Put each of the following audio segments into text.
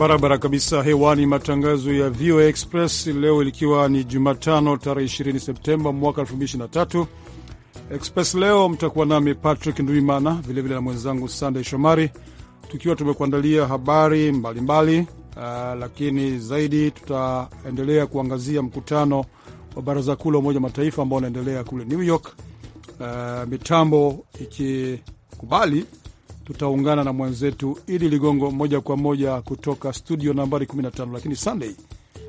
Barabara kabisa hewani, matangazo ya VOA Express leo, ikiwa ni Jumatano tarehe 20 Septemba mwaka 2023. Express leo mtakuwa nami Patrick nduimana vilevile na mwenzangu Sandey Shomari, tukiwa tumekuandalia habari mbalimbali mbali. Uh, lakini zaidi tutaendelea kuangazia mkutano wa baraza kuu la Umoja Mataifa ambao unaendelea kule New York, uh, mitambo ikikubali tutaungana na mwenzetu Idi Ligongo moja kwa moja kutoka studio nambari 15. Lakini Sunday,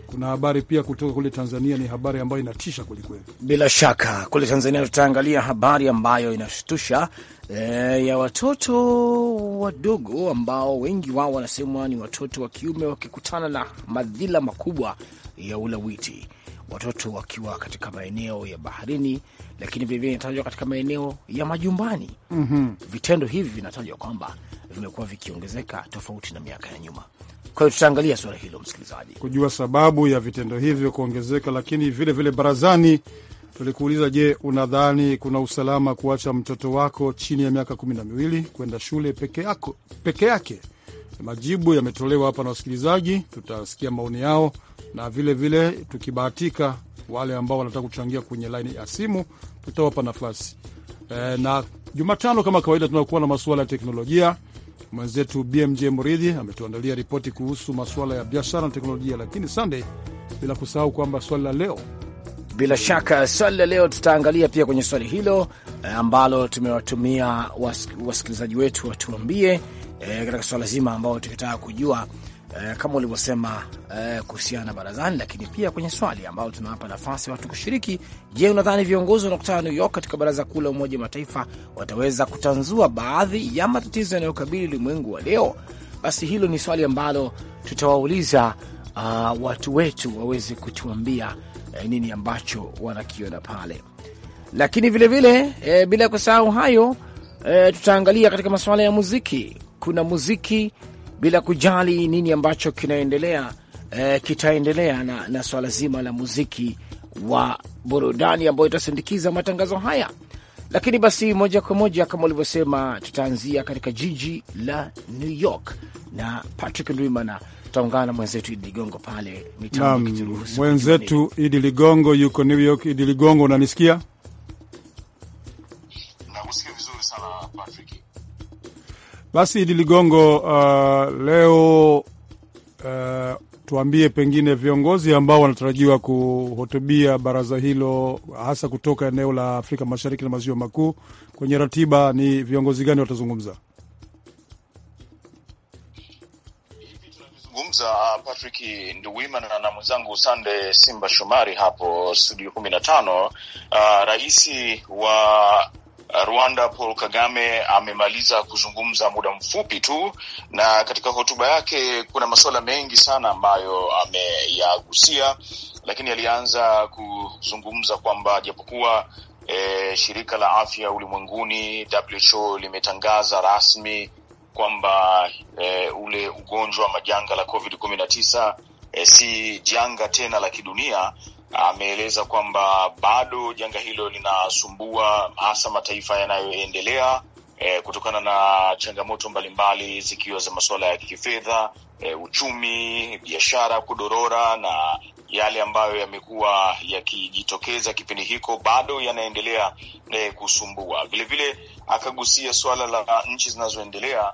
kuna habari pia kutoka kule Tanzania. Ni habari ambayo inatisha kwelikweli. Bila shaka kule Tanzania tutaangalia habari ambayo inashtusha e, ya watoto wadogo ambao wengi wao wanasemwa ni watoto wa kiume wakikutana na madhila makubwa ya ulawiti watoto wakiwa katika maeneo ya baharini, lakini vilevile inatajwa katika maeneo ya majumbani. mm -hmm. Vitendo hivi vinatajwa kwamba vimekuwa vikiongezeka tofauti na miaka ya nyuma. Kwa hiyo tutaangalia suala hilo, msikilizaji, kujua sababu ya vitendo hivyo kuongezeka. Lakini vilevile vile barazani tulikuuliza, je, unadhani kuna usalama kuacha mtoto wako chini ya miaka kumi na miwili kwenda shule peke yako peke yake Majibu yametolewa hapa na wasikilizaji, tutasikia maoni yao na vilevile vile, tukibahatika wale ambao wanataka kuchangia kwenye laini ya simu tutawapa nafasi e. Na Jumatano kama kawaida tunakuwa na masuala ya teknolojia. Mwenzetu BMJ Muridhi ametuandalia ripoti kuhusu masuala ya biashara na teknolojia, lakini Sunday, bila kusahau kwamba swali la leo bila shaka swali la leo tutaangalia pia kwenye swali hilo eh, ambalo tumewatumia wasikilizaji wetu watuambie eh, katika swala zima ambao tukitaka kujua eh, kama ulivyosema eh, kuhusiana na barazani, lakini pia kwenye swali ambalo tunawapa nafasi watu kushiriki. Je, unadhani viongozi wanaokutana New York katika baraza kuu la Umoja wa Mataifa wataweza kutanzua baadhi ya matatizo yanayokabili ulimwengu wa leo? Basi hilo ni swali ambalo tutawauliza uh, watu wetu waweze kutuambia eh, nini ambacho wanakiona pale, lakini vilevile vile, eh, bila kusahau hayo eh, tutaangalia katika masuala ya muziki kuna muziki bila kujali nini ambacho kinaendelea eh, kitaendelea na, na swala zima la muziki wa burudani ambayo itasindikiza matangazo haya. Lakini basi moja kwa moja kama ulivyosema, tutaanzia katika jiji la New York na Patrick Ndwimana tutaungana na mwenzetu Idi Ligongo pale mitambo. Mwenzetu Idi Ligongo yuko New York. Idi Ligongo, unanisikia? Basi Idi Ligongo, uh, leo uh, tuambie pengine viongozi ambao wanatarajiwa kuhutubia baraza hilo hasa kutoka eneo la Afrika Mashariki na Maziwa Makuu, kwenye ratiba ni viongozi gani watazungumza? Zungumza uh, Patrick Nduwimana na mwenzangu Sande Simba Shomari hapo studio kumi na tano. Uh, rais wa Uh, Rwanda Paul Kagame amemaliza kuzungumza muda mfupi tu, na katika hotuba yake kuna masuala mengi sana ambayo ameyagusia, lakini alianza kuzungumza kwamba japokuwa e, shirika la afya ulimwenguni WHO limetangaza rasmi kwamba e, ule ugonjwa ama janga la COVID 19 e, eh, si janga tena la kidunia, ameeleza kwamba bado janga hilo linasumbua hasa mataifa yanayoendelea e, kutokana na changamoto mbalimbali zikiwa za masuala ya kifedha, e, uchumi, biashara kudorora na yale ambayo yamekuwa yakijitokeza kipindi hiko bado yanaendelea e, kusumbua. Vilevile akagusia suala la nchi zinazoendelea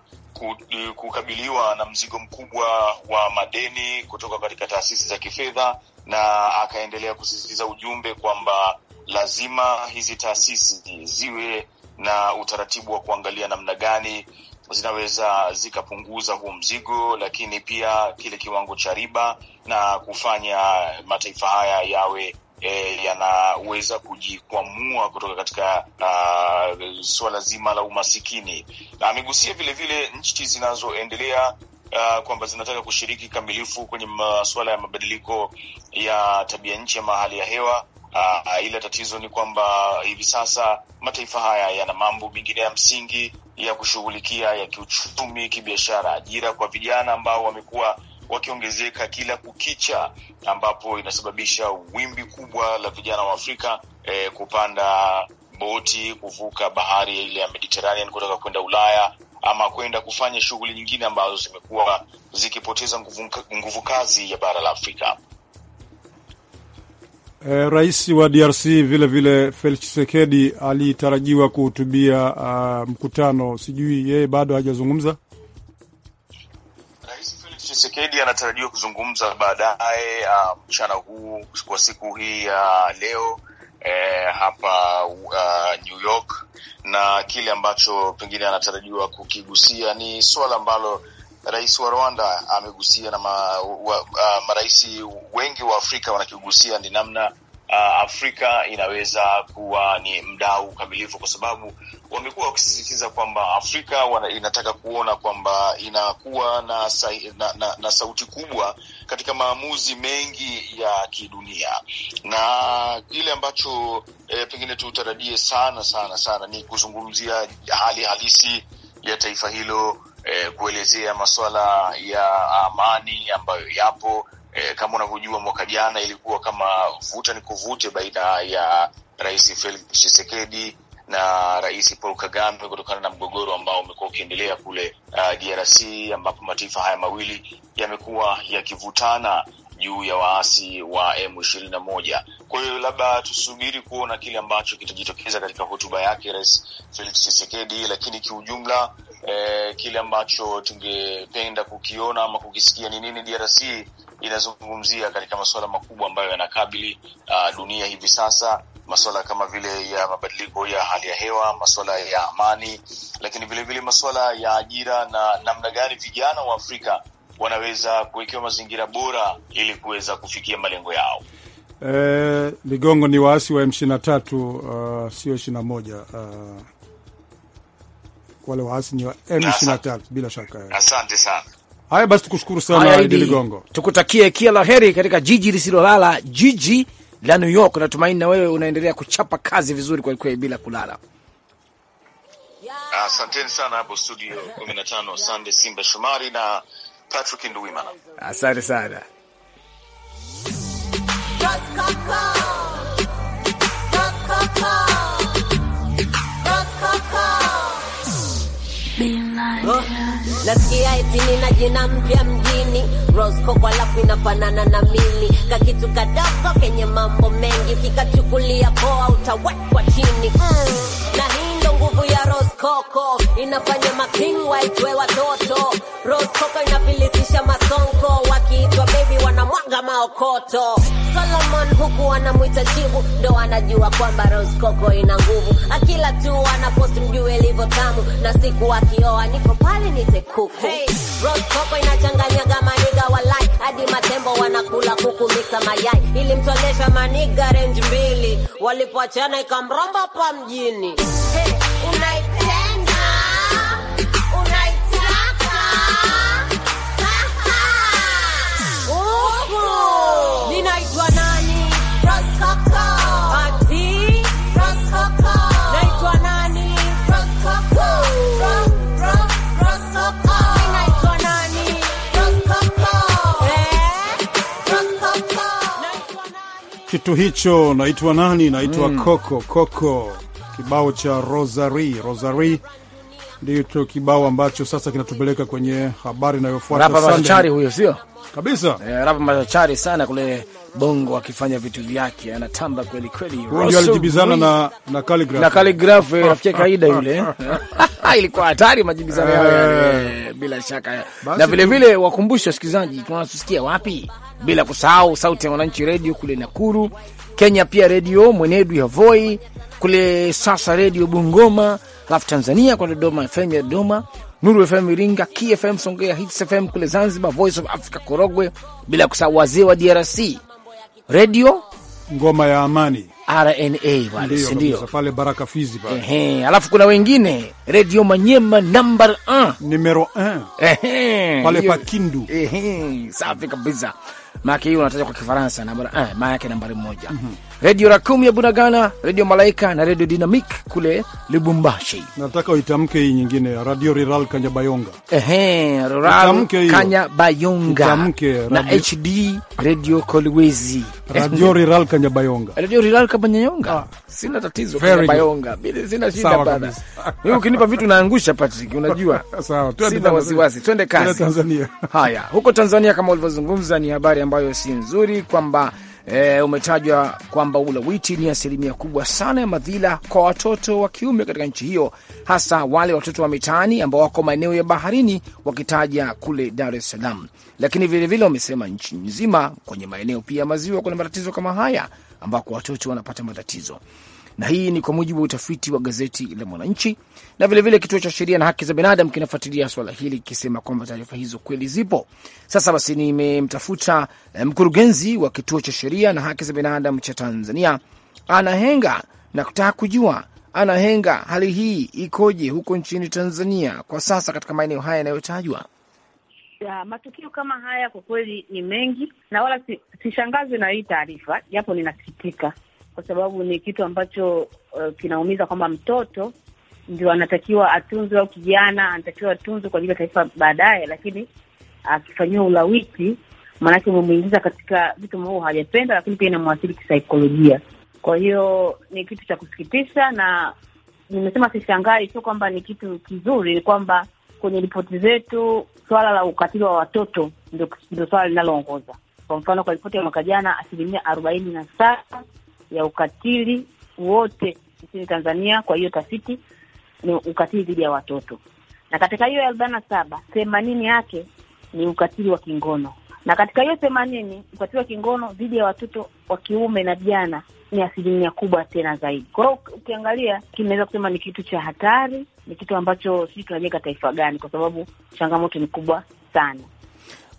kukabiliwa na mzigo mkubwa wa madeni kutoka katika taasisi za kifedha na akaendelea kusisitiza ujumbe kwamba lazima hizi taasisi ziwe na utaratibu wa kuangalia namna gani zinaweza zikapunguza huu mzigo, lakini pia kile kiwango cha riba na kufanya mataifa haya yawe E, yanaweza kujikwamua kutoka katika uh, suala zima la umasikini. Amegusia vilevile nchi zinazoendelea uh, kwamba zinataka kushiriki kikamilifu kwenye masuala ya mabadiliko ya tabia nchi ama hali ya hewa. Uh, ila tatizo ni kwamba hivi sasa mataifa haya yana mambo mengine ya msingi ya kushughulikia ya kiuchumi, kibiashara, ajira kwa vijana ambao wamekuwa wakiongezeka kila kukicha, ambapo inasababisha wimbi kubwa la vijana wa Afrika eh, kupanda boti kuvuka bahari ile ya Mediterranean kutoka kwenda Ulaya ama kwenda kufanya shughuli nyingine ambazo zimekuwa zikipoteza nguvu, nguvu kazi ya bara la Afrika. Eh, rais wa DRC vile vile Felix Tshisekedi alitarajiwa kuhutubia uh, mkutano, sijui yeye bado hajazungumza. Rais anatarajiwa kuzungumza baadaye ah, mchana um, huu kwa siku hii ya uh, leo eh, hapa uh, New York, na kile ambacho pengine anatarajiwa kukigusia ni suala ambalo rais wa Rwanda amegusia na ma, wa, uh, marais wengi wa Afrika wanakigusia ni namna uh, Afrika inaweza kuwa ni mdau kamilifu, kwa sababu wamekuwa wakisisitiza kwamba Afrika wana, inataka kuona kwamba inakuwa na, sa, na, na, na sauti kubwa katika maamuzi mengi ya kidunia na kile ambacho e, pengine tutarajie sana sana sana ni kuzungumzia hali halisi ya taifa hilo e, kuelezea masuala ya amani ambayo yapo. E, kama unavyojua mwaka jana ilikuwa kama vuta ni kuvute baina ya Rais Felix Tshisekedi na Rais Paul Kagame kutokana na mgogoro ambao umekuwa ukiendelea kule uh, DRC ambapo mataifa haya mawili yamekuwa yakivutana juu ya waasi wa m moja Kwa hiyo labda tusubiri kuona kile ambacho kitajitokeza katika hotuba yake Rais Felix Tshisekedi, lakini kiujumla eh, kile ambacho tungependa kukiona ama kukisikia ni nini DRC inazungumzia katika masuala makubwa ambayo yanakabili uh, dunia hivi sasa masuala kama vile ya mabadiliko ya hali ya hewa, masuala ya amani, lakini vilevile masuala ya ajira na namna gani vijana wa Afrika wanaweza kuwekewa mazingira bora ili kuweza kufikia malengo yao. E, Ligongo ni waasi wa M23, uh, sio 21 uh, wale waasi ni wa M23 bila shaka. Eh. Asante sana. Haya basi, tukushukuru sana Idi Ligongo, tukutakie kila la heri katika jiji lisilolala, jiji la New York. Natumaini na wewe unaendelea kuchapa kazi vizuri kweli bila kulala. Asanteni uh, sana hapo studio 15 Sande Simba Shumari na Patrick Nduwimana, asante sana. Nasikia eti nina jina mpya mjini Rosco, alafu inafanana na mili kakitu kadogo kenye mambo mengi, kikachukulia poa utawekwa chini mm. na hii ndo nguvu ya koko inafanya making waitwe watoto. rose koko inafilisisha masonko, wakiitwa baby wanamwaga maokoto. Solomon huku anamwita chibu, ndo anajua kwamba rose koko ina nguvu. Akila tu anaposti, mjue ilivyo tamu, na siku akioa niko pale nite kuku. Hey, rose koko Roscoco inachanganyaga maniga walai hadi matembo wanakula kuku mixa mayai, ilimtolesha maniga range mbili, walipoachana ikamromba pa mjini. Hey, kitu hicho. Naitwa nani? Naitwa mm. Coco Coco, kibao cha Rosari Rosari ndicho kibao ambacho sasa kinatupeleka kwenye habari inayofuata. Rapa machachari huyo, sio kabisa eh, rapa machachari sana kule Bongo akifanya vitu vyake, anatamba kweli kweli. Huyo ndio alijibizana na na Khaligraph na Khaligraph, eh, rafiki kaida yule Ah, ilikuwa hatari majibizano yao yale, eh. bila shaka. Na vile vile wakumbushe wasikilizaji tunawasikia wapi, bila kusahau sauti ya wananchi redio kule Nakuru, Kenya pia redio Mwenedu ya Voi kule, sasa redio Bungoma, alafu Tanzania kwa Dodoma FM ya Dodoma, Nuru FM Iringa, KFM Songea, Hits FM kule Zanzibar, Voice of Africa Korogwe, bila kusahau wazee wa DRC, redio Ngoma ya Amani RNA wale, si ndio? Pale Baraka Fizi pale. Ehe, alafu kuna wengine Radio Manyema number 1. Numero 1. Ehe. Pale pa Kindu. Ehe, safi kabisa. Maana hiyo unataja kwa Kifaransa number 1, maana yake nambari moja. Mm -hmm. Redio Rakumu ya Bunagana, Redio Malaika na Redio Dinamik kule Lubumbashi. Nataka uitamke hii nyingine Radio Rural Kanyabayonga. Ehe, Rural Kanyabayonga na HD Radio Kolwezi. Radio Rural Kanyabayonga. Radio Rural Kanyabayonga. Ah. sina tatizo Kanyabayonga. Mimi sina shida bana. ukinipa vitu naangusha Patrick, unajua. Sawa, twende wasiwasi. Twende kasi. Tanzania. Haya, huko Tanzania kama ulivyozungumza ni habari ambayo si nzuri kwamba E, umetajwa kwamba ulawiti ni asilimia kubwa sana ya madhila kwa watoto wa kiume katika nchi hiyo, hasa wale watoto wa mitaani ambao wako maeneo ya baharini, wakitaja kule Dar es Salaam. Lakini vilevile wamesema nchi nzima, kwenye maeneo pia ya maziwa kuna matatizo kama haya, ambako watoto wanapata matatizo na hii ni kwa mujibu wa utafiti wa gazeti la Mwananchi. Na vilevile kituo cha sheria na haki za binadamu kinafuatilia swala hili ikisema kwamba taarifa hizo kweli zipo. Sasa basi, nimemtafuta eh, mkurugenzi wa kituo cha sheria na haki za binadamu cha Tanzania, Ana Henga, na kutaka kujua Ana Henga, hali hii ikoje huko nchini Tanzania kwa sasa katika maeneo haya yanayotajwa? Ya, matukio kama haya kwa kweli ni mengi na wala sishangazwe si na hii taarifa, japo ninasikitika kwa sababu ni kitu ambacho uh, kinaumiza kwamba mtoto ndio anatakiwa atunzwe au kijana anatakiwa atunzwe kwa ajili ya taifa baadaye, lakini akifanyiwa uh, ulawiti, maanake umemwingiza katika vitu ambavyo hajapenda, lakini pia inamwathiri kisaikolojia. Kwa hiyo ni kitu cha kusikitisha, na nimesema sishangai, sio kwamba ni kitu kizuri, ni kwamba kwenye ripoti zetu swala la ukatili wa watoto ndio swala linaloongoza. Kwa mfano, kwa ripoti ya mwaka jana asilimia arobaini na saba ya ukatili wote nchini Tanzania. Kwa hiyo tafiti ni ukatili dhidi ya watoto, na katika hiyo arobaini na saba themanini yake ni ukatili wa kingono, na katika hiyo themanini ukatili wa kingono dhidi ya watoto wa kiume na vijana ni asilimia kubwa tena zaidi. Kwa hiyo ukiangalia, kinaweza kusema ni kitu cha hatari, ni kitu ambacho sisi tunajenga taifa gani? Kwa sababu changamoto ni kubwa sana.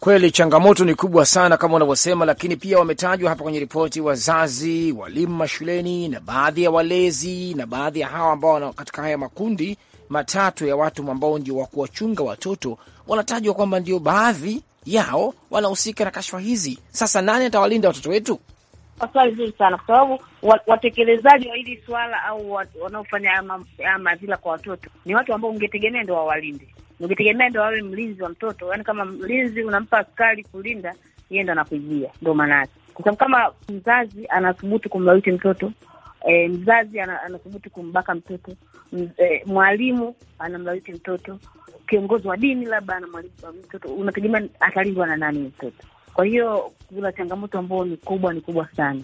Kweli changamoto ni kubwa sana kama unavyosema, lakini pia wametajwa hapa kwenye ripoti wazazi, walimu mashuleni na baadhi ya walezi na baadhi ya hawa ambao wana katika haya makundi matatu ya watu ambao ndio wa kuwachunga watoto, wanatajwa kwamba ndio baadhi yao wanahusika na kashfa hizi. Sasa nani atawalinda watoto wetu? Swali zuri sana kwa sababu watekelezaji wa hili swala au wanaofanya ama madhila kwa watoto ni watu ambao ungetegemea ndio wawalinde, ukitegemea ndo awe mlinzi wa mtoto, Yani kama mlinzi unampa askari kulinda, yeye ndo anakuibia. Ndo maana yake, kwa sababu kama mzazi anathubutu kumlawiti mtoto E, mzazi anathubutu kumbaka mtoto e, mwalimu anamlawiti mtoto, kiongozi wa dini labda anamlawiti mtoto, unategemea atalindwa na nani mtoto? Kwa hiyo kuna changamoto ambayo ni kubwa, ni kubwa sana.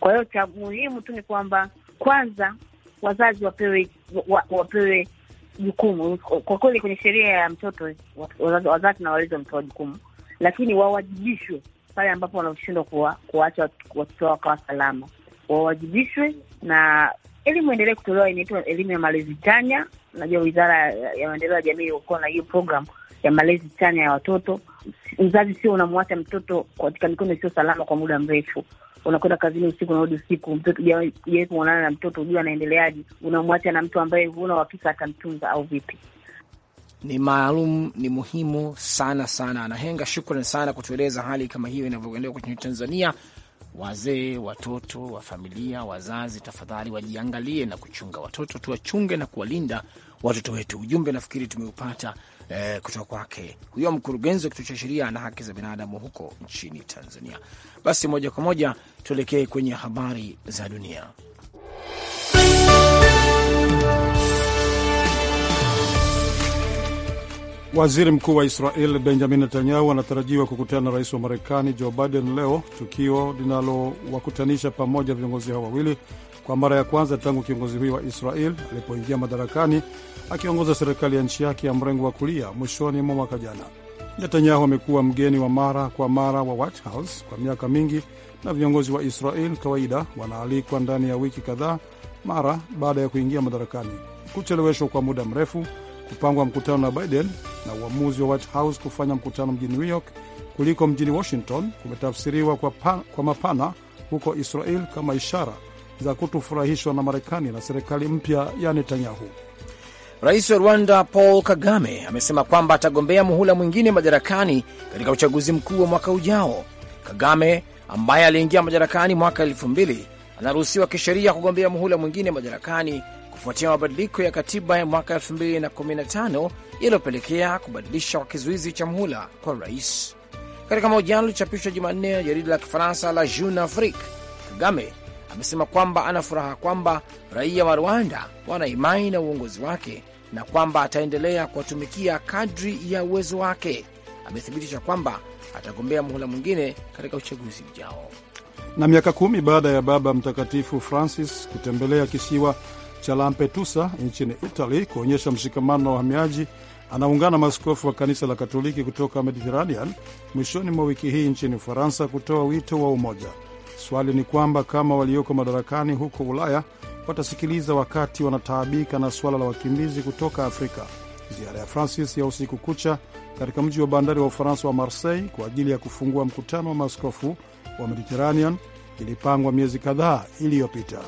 Kwa hiyo cha muhimu tu ni kwamba kwanza wazazi wapewe wa, wapewe jukumu kwa kweli, kwenye sheria ya mtoto wazazi na walezi wamepewa jukumu, lakini wawajibishwe pale ambapo wanashindwa kuwaacha watoto wao wakawa salama, wawajibishwe na elimu endelee kutolewa, inaitwa elimu ya malezi chanya. Najua Wizara ya Maendeleo ya Jamii ukuwa na hiyo program ya malezi chanya ya watoto. Mzazi sio unamwacha mtoto katika mikono isiyo salama kwa muda mrefu unakwenda kazini usiku, unarudi usiku, mtoto kuonana na mtoto, hujua anaendeleaje, unamwacha na mtu ambaye huna uhakika atamtunza au vipi? Ni maalum, ni muhimu sana sana. Anahenga, shukran sana kutueleza hali kama hiyo inavyoendelea kwenye Tanzania wazee, watoto wa familia, wazazi, tafadhali wajiangalie na kuchunga watoto, tuwachunge na kuwalinda watoto wetu. Ujumbe nafikiri tumeupata eh, kutoka kwake huyo mkurugenzi wa kituo cha sheria na haki za binadamu huko nchini Tanzania. Basi moja kwa moja tuelekee kwenye habari za dunia. Waziri mkuu wa Israel Benjamin Netanyahu anatarajiwa kukutana na rais wa Marekani Joe Biden leo, tukio linalowakutanisha pamoja viongozi hao wawili kwa mara ya kwanza tangu kiongozi huyo wa Israel alipoingia madarakani akiongoza serikali ya nchi yake ya mrengo wa kulia mwishoni mwa mwaka jana. Netanyahu amekuwa mgeni wa mara kwa mara wa White House kwa miaka mingi, na viongozi wa Israel kawaida wanaalikwa ndani ya wiki kadhaa mara baada ya kuingia madarakani. Kucheleweshwa kwa muda mrefu kupangwa mkutano na Biden na uamuzi wa White House kufanya mkutano mjini New York kuliko mjini Washington kumetafsiriwa kwa, kwa mapana huko Israel kama ishara za kutofurahishwa na Marekani na serikali mpya ya Netanyahu. Rais wa Rwanda Paul Kagame amesema kwamba atagombea muhula mwingine madarakani katika uchaguzi mkuu wa mwaka ujao. Kagame ambaye aliingia madarakani mwaka elfu mbili anaruhusiwa kisheria kugombea muhula mwingine madarakani kufuatia mabadiliko ya katiba ya mwaka 2015 yaliyopelekea kubadilisha kwa kizuizi cha mhula kwa rais. Katika mahojiano yaliyochapishwa Jumanne ya jarida la Kifaransa la Jeune Afrique, Kagame amesema kwamba ana furaha kwamba raia wa Rwanda wana imani na uongozi wake na kwamba ataendelea kuwatumikia kadri ya uwezo wake. Amethibitisha kwamba atagombea muhula mwingine katika uchaguzi ujao. Na miaka kumi baada ya Baba Mtakatifu Francis kutembelea kisiwa cha Lampedusa nchini Italy kuonyesha mshikamano na wahamiaji, anaungana maskofu maaskofu wa kanisa la Katoliki kutoka mediteranean mwishoni mwa wiki hii nchini Ufaransa kutoa wito wa umoja. Swali ni kwamba kama walioko madarakani huko Ulaya watasikiliza wakati wanataabika na suala la wakimbizi kutoka Afrika. Ziara ya Francis ya usiku kucha katika mji wa bandari wa Ufaransa wa Marseille kwa ajili ya kufungua mkutano wa maaskofu wa mediteranean ilipangwa miezi kadhaa iliyopita.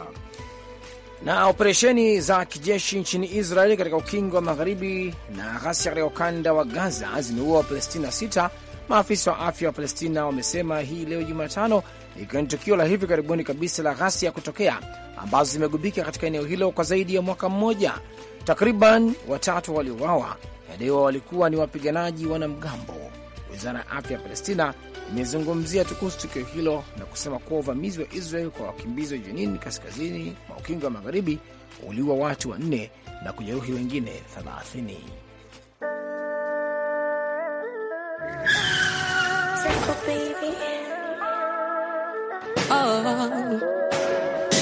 Na operesheni za kijeshi nchini israel katika ukingo wa magharibi na ghasia katika ukanda wa Gaza zimeua Wapalestina sita, maafisa wa afya wa Palestina wamesema hii leo Jumatano, ikiwa ni tukio la hivi karibuni kabisa la ghasia kutokea ambazo zimegubika katika eneo hilo kwa zaidi ya mwaka mmoja. Takriban watatu waliowawa inadaiwa walikuwa ni wapiganaji wanamgambo. Wizara ya afya ya Palestina imezungumzia tu kuhusu tukio hilo na kusema kuwa uvamizi wa Israel kwa wakimbizi wa Jenin kaskazini mwa ukingo wa magharibi uliua watu wanne na kujeruhi wengine 30.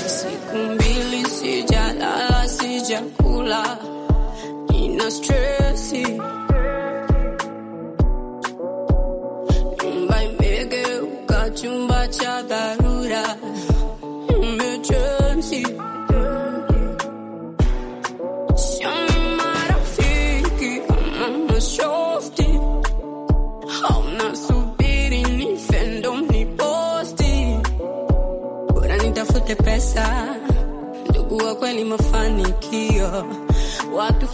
Siku mbili sijalala, sijakula, nina kweli mafanikio watu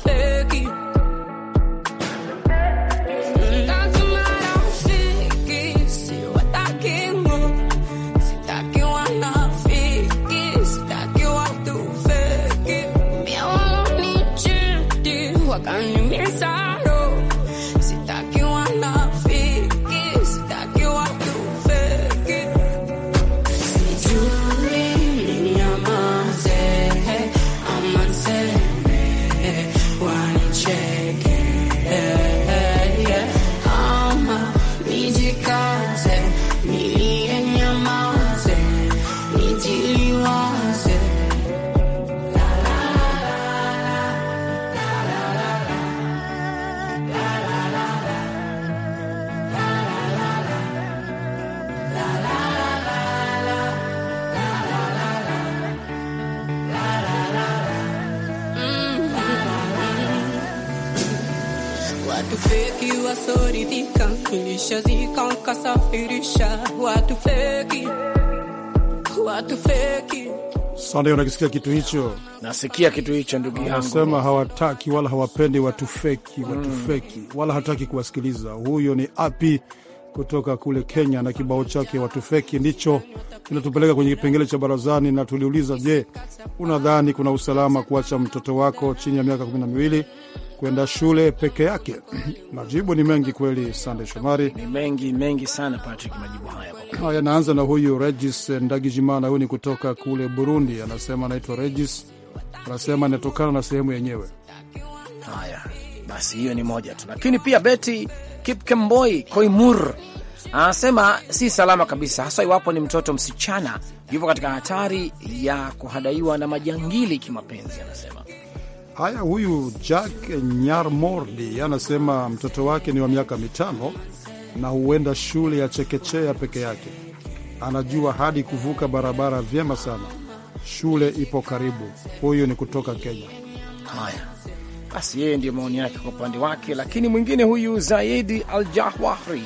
Sande, unakisikia kitu hicho? Nasikia kitu hicho, ndugu yangu. Anasema hawataki wala hawapendi watu feki, watu feki, wala hataki kuwasikiliza. Huyo ni api kutoka kule Kenya na kibao chake watufeki ndicho kinatupeleka kwenye kipengele cha barazani, na tuliuliza, je, unadhani kuna usalama kuacha mtoto wako chini ya miaka kumi na miwili kwenda shule peke yake? Majibu ni mengi kweli, Sande Shomari, ni mengi mengi sana Patrick, majibu haya haya. Naanza na huyu Regis Ndagijimana, huyu ni kutoka kule Burundi, anasema anaitwa Regis, anasema inatokana na sehemu yenyewe. Haya basi hiyo ni moja tu, lakini pia Beti Kipkemboi Koimur anasema si salama kabisa, hasa iwapo ni mtoto msichana, yupo katika hatari ya kuhadaiwa na majangili kimapenzi, anasema haya. Huyu Jack Nyarmordi anasema mtoto wake ni wa miaka mitano na huenda shule ya chekechea peke yake, anajua hadi kuvuka barabara vyema sana, shule ipo karibu. Huyu ni kutoka Kenya. Haya, basi yeye ndiyo maoni yake kwa upande wake. Lakini mwingine huyu Zaidi Al Jahwahri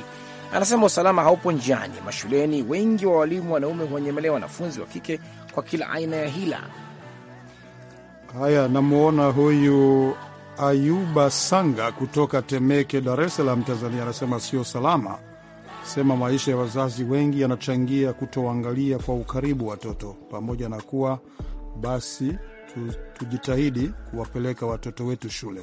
anasema usalama haupo njiani, mashuleni wengi wa walimu wanaume huwanyemelea wanafunzi wa kike kwa kila aina ya hila. Haya, namwona huyu Ayuba Sanga kutoka Temeke, Dar es Salaam, Tanzania, anasema sio salama, sema maisha ya wazazi wengi yanachangia kutoangalia kwa ukaribu watoto, pamoja na kuwa basi tujitahidi kuwapeleka watoto wetu shule.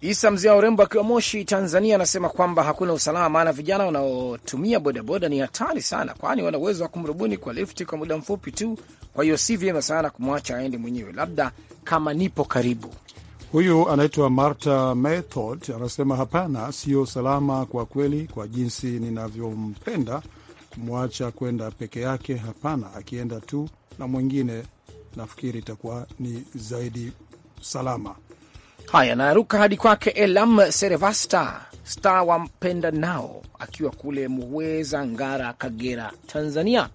Isa mzee wa urembo akiwa Moshi, Tanzania, anasema kwamba hakuna usalama, maana vijana wanaotumia bodaboda ni hatari sana, kwani wana uwezo wa kumrubuni kwa lifti kwa muda mfupi tu. Kwa hiyo si vyema sana kumwacha aende mwenyewe, labda kama nipo karibu. Huyu anaitwa marta Method anasema hapana, sio salama kwa kweli, kwa jinsi ninavyompenda kumwacha kwenda peke yake. Hapana, akienda tu na mwingine nafikiri itakuwa ni zaidi salama. Haya, naruka hadi kwake Elam Serevasta star wa mpenda nao akiwa kule Muweza, Ngara, Kagera, Tanzania.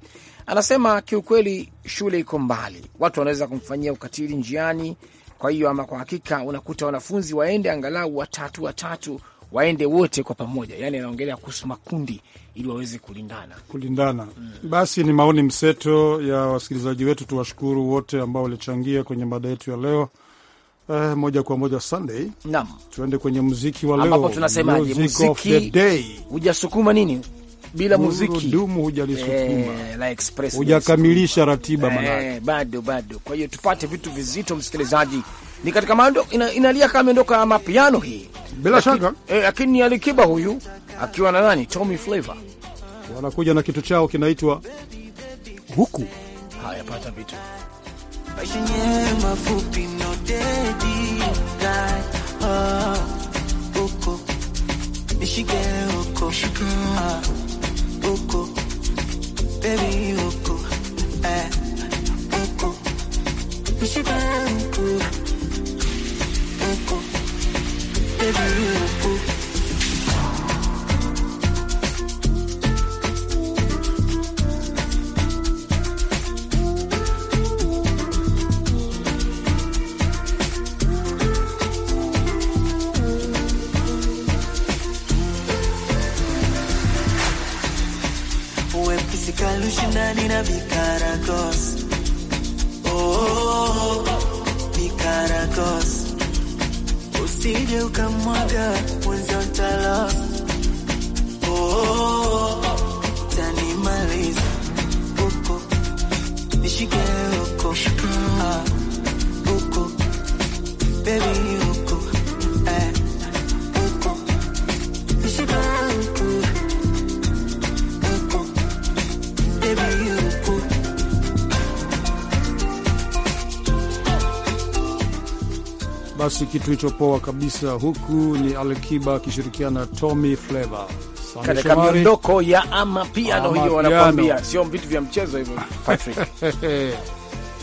Anasema kiukweli, shule iko mbali, watu wanaweza kumfanyia ukatili njiani. Kwa hiyo ama kwa hakika, unakuta wanafunzi waende angalau watatu watatu waende wote kwa pamoja, yani anaongelea kuhusu makundi ili waweze kulindana kulindana. Mm. Basi ni maoni mseto ya wasikilizaji wetu. Tuwashukuru wote ambao walichangia kwenye mada yetu ya leo. Eh, moja kwa moja Sunday. Naam. Tuende kwenye muziki wa leo. Ambapo tunasemaje? Muziki hujasukuma nini? Bila muziki dumu hujalisukuma. Eh, la express hujakamilisha ratiba eh, manake. Bado bado. Kwa hiyo tupate vitu vizito msikilizaji ni katika mando, ina, inalia kama ya mapiano hii bila Laki, shaka eh, lakini eh, ni Alikiba huyu akiwa na nani Tommy Flavor wanakuja na kitu chao kinaitwa huku haya pata vitu we're physical. usije ukamwaga mwenza utalost. Oh, tanimaliza huko nishike huko huko, ah, baby Basi kitu hicho poa kabisa. Huku ni Alkiba akishirikiana na Tommy Flavor katika miondoko ya amapiano, hiyo wanakuambia sio vitu vya mchezo hivyo Patrick.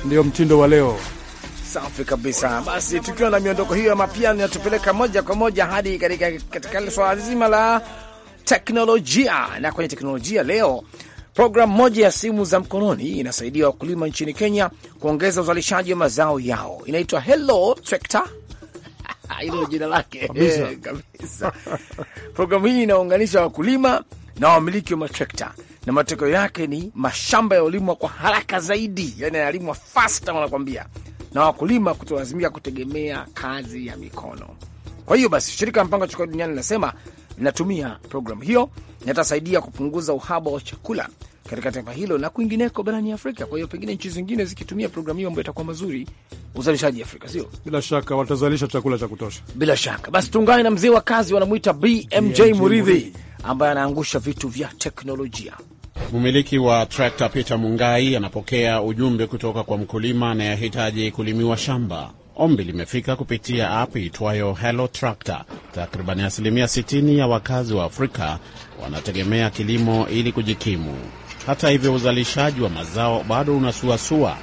Ndio mtindo wa leo. Safi kabisa. Basi tukiwa na miondoko hiyo ya mapiano, inatupeleka moja kwa moja hadi katika katika swala zima la teknolojia. Na kwenye teknolojia leo, programu moja ya simu za mkononi inasaidia wakulima nchini Kenya kuongeza uzalishaji wa mazao yao, inaitwa Hello Tractor Ah, hilo jina lake kabisa, eh, kabisa. Programu hii inaunganisha wakulima na wamiliki wa matrekta na matokeo yake ni mashamba yaolimwa kwa haraka zaidi, yani yanalimwa fasta, wanakwambia, na wakulima kutolazimika kutegemea kazi ya mikono. Kwa hiyo basi, shirika la mpango wa chakula duniani linasema linatumia programu hiyo na itasaidia kupunguza uhaba wa chakula katika taifa hilo na kwingineko barani Afrika. Kwa hiyo pengine nchi zingine zikitumia programu hiyo, ambayo itakuwa mazuri uzalishaji Afrika, sio bila shaka watazalisha chakula cha kutosha. Bila shaka basi, tuungane na mzee wa kazi, wanamwita BMJ Muridhi ambaye anaangusha vitu vya teknolojia. Mmiliki wa trakta Peter Mungai anapokea ujumbe kutoka kwa mkulima anayehitaji kulimiwa shamba. Ombi limefika kupitia app itwayo Hello Tractor. Takribani asilimia 60 ya wakazi wa Afrika wanategemea kilimo ili kujikimu. Hata hivyo, uzalishaji wa mazao bado unasuasua.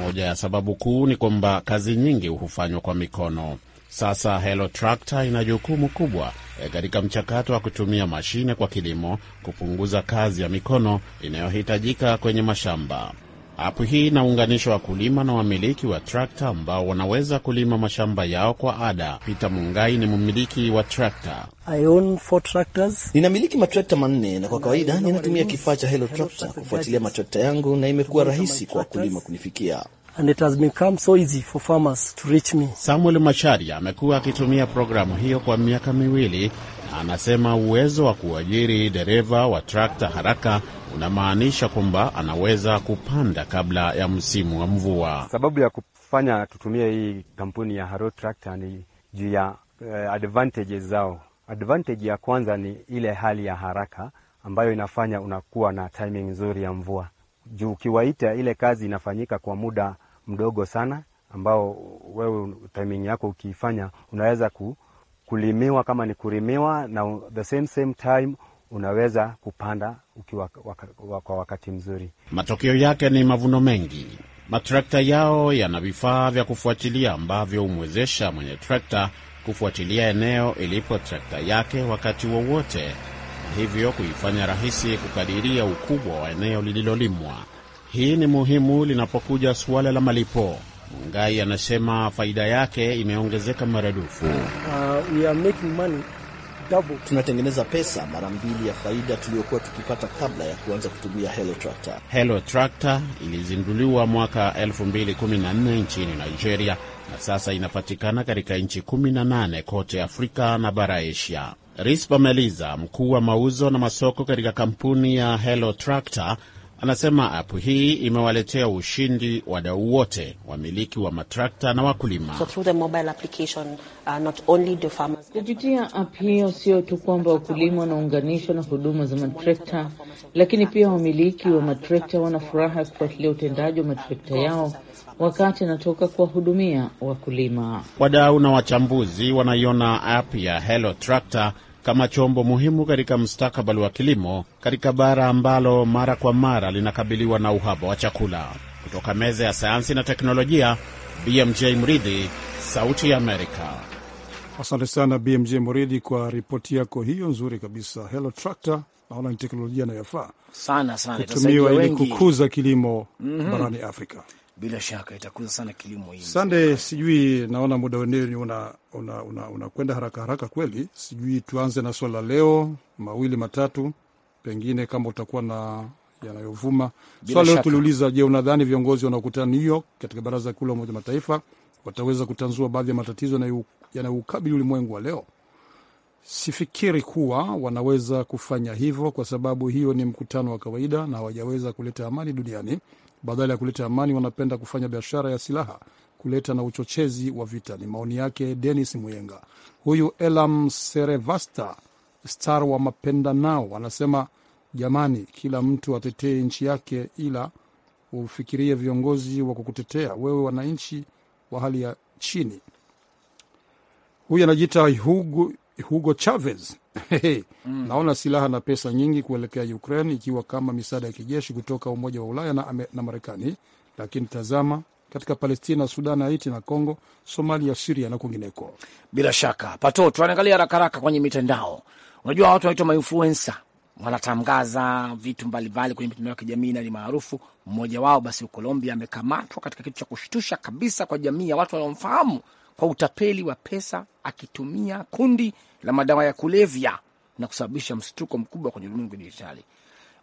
Moja ya sababu kuu ni kwamba kazi nyingi hufanywa kwa mikono. Sasa Hello Tractor ina jukumu kubwa e, katika mchakato wa kutumia mashine kwa kilimo, kupunguza kazi ya mikono inayohitajika kwenye mashamba. Apu hii inaunganisha wakulima na wamiliki wa trakta ambao wanaweza kulima mashamba yao kwa ada. Peter Mungai ni mmiliki wa trakta. Ninamiliki matrakta manne na kwa kawaida ninatumia kifaa cha Hello Tractor kufuatilia matrakta yangu na imekuwa rahisi kwa wakulima kunifikia. And it has become so easy for farmers to reach me. Samuel Macharia amekuwa akitumia programu hiyo kwa miaka miwili na anasema uwezo wa kuajiri dereva wa trakta haraka unamaanisha kwamba anaweza kupanda kabla ya msimu wa mvua. Sababu ya kufanya tutumie hii kampuni ya Haro Tractor ni juu ya eh, advantages zao. Advantage ya kwanza ni ile hali ya haraka ambayo inafanya unakuwa na timing nzuri ya mvua, juu ukiwaita ile kazi inafanyika kwa muda mdogo sana, ambao wewe timing yako ukiifanya unaweza ku, kulimiwa kama ni kulimiwa na the same same time unaweza kupanda ukiwa kwa wakati mzuri. Matokeo yake ni mavuno mengi. Matrekta yao yana vifaa vya kufuatilia ambavyo humwezesha mwenye trekta kufuatilia eneo ilipo trekta yake wakati wowote, na hivyo kuifanya rahisi kukadiria ukubwa wa eneo lililolimwa. Hii ni muhimu linapokuja suala la malipo. Mungai anasema faida yake imeongezeka maradufu. Uh, double. Tunatengeneza pesa mara mbili ya faida tuliyokuwa tukipata kabla ya kuanza kutumia Hello Tractor. Hello Tractor ilizinduliwa mwaka 2014 nchini Nigeria na sasa inapatikana katika nchi 18 kote Afrika na bara Asia. Rispa Meliza, mkuu wa mauzo na masoko katika kampuni ya Hello Tractor Anasema apu hii imewaletea ushindi wadau wote, wamiliki wa matrakta na wakulima. Uh, Kupitia uh, apu hiyo sio tu kwamba wakulima wanaunganishwa na huduma za matrekta, lakini pia wamiliki wa matrekta wana furaha ya kufuatilia utendaji wa matrekta yao wakati anatoka kuwahudumia wakulima. Wadau na wachambuzi wanaiona ap ya Hello Tractor kama chombo muhimu katika mustakabali wa kilimo katika bara ambalo mara kwa mara linakabiliwa na uhaba wa chakula. Kutoka meza ya sayansi na teknolojia, BMJ Mridhi, Sauti ya Amerika. Asante sana BMJ Mridhi kwa ripoti yako hiyo nzuri kabisa. Helo trakta, naona ni teknolojia inayofaa sana sana kutumiwa ili kukuza kilimo mm -hmm. barani Afrika bila shaka itakuza sana kilimo hii. Sande, sijui naona muda wenyewe unakwenda una, una, una haraka haraka kweli. Sijui tuanze na swala leo mawili matatu, pengine kama utakuwa na yanayovuma swala leo. Tuliuliza, je, unadhani viongozi wanaokutana New York katika baraza kuu la Umoja Mataifa wataweza kutanzua baadhi ya matatizo yanayoukabili ulimwengu wa leo? Sifikiri kuwa wanaweza kufanya hivyo, kwa sababu hiyo ni mkutano wa kawaida na hawajaweza kuleta amani duniani badala ya kuleta amani, wanapenda kufanya biashara ya silaha, kuleta na uchochezi wa vita. Ni maoni yake Denis Muyenga. Huyu Elam Serevasta star wa mapenda nao anasema, jamani, kila mtu atetee nchi yake, ila ufikirie viongozi wa kukutetea wewe, wananchi wa hali ya chini. Huyu anajiita Hugo, Hugo Chavez Hey, mm. Naona silaha na pesa nyingi kuelekea Ukraine ikiwa kama misaada ya kijeshi kutoka Umoja wa Ulaya na, na Marekani, lakini tazama katika Palestina, Sudan, Haiti na Congo, Somalia, Siria na kwingineko. Bila shaka Pato, tunaangalia haraka haraka kwenye mitandao. Unajua watu wanaitwa mainfluensa, wanatangaza vitu mbalimbali kwenye mitandao ya kijamii na ni maarufu. Mmoja wao basi Ukolombia amekamatwa katika kitu cha kushtusha kabisa kwa jamii ya watu wanaomfahamu kwa utapeli wa pesa akitumia kundi la madawa ya kulevya na kusababisha mshtuko mkubwa kwenye ulimwengu wa dijitali.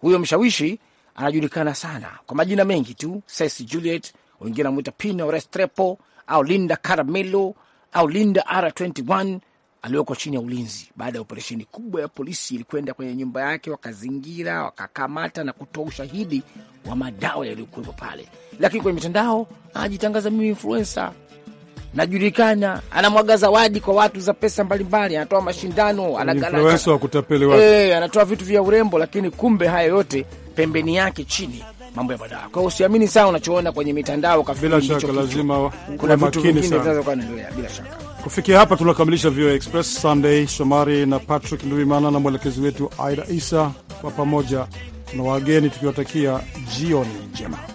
Huyo mshawishi anajulikana sana kwa majina mengi tu, Ses Juliet, wengine anamwita Pino Restrepo au Linda Caramelo au Linda R21 alioko chini ya ulinzi baada ya operesheni kubwa ya polisi ilikwenda kwenye nyumba yake, wakazingira, wakakamata na kutoa ushahidi wa madawa yaliyokuwepo pale. Lakini kwenye mitandao anajitangaza mimi influencer najulikana, anamwaga zawadi kwa watu za pesa mbalimbali, anatoa mashindano, eh, anatoa vitu vya urembo, lakini kumbe haya yote pembeni yake chini mambo ya madawa. Kwa hiyo usiamini sana unachoona kwenye mitandao Lazima kuna vitu vingine bila shaka. Kufikia hapa tunakamilisha VOA Express Sunday. Shomari na Patrick Nduimana na mwelekezi wetu Aida Isa, kwa pamoja na wageni tukiwatakia jioni njema.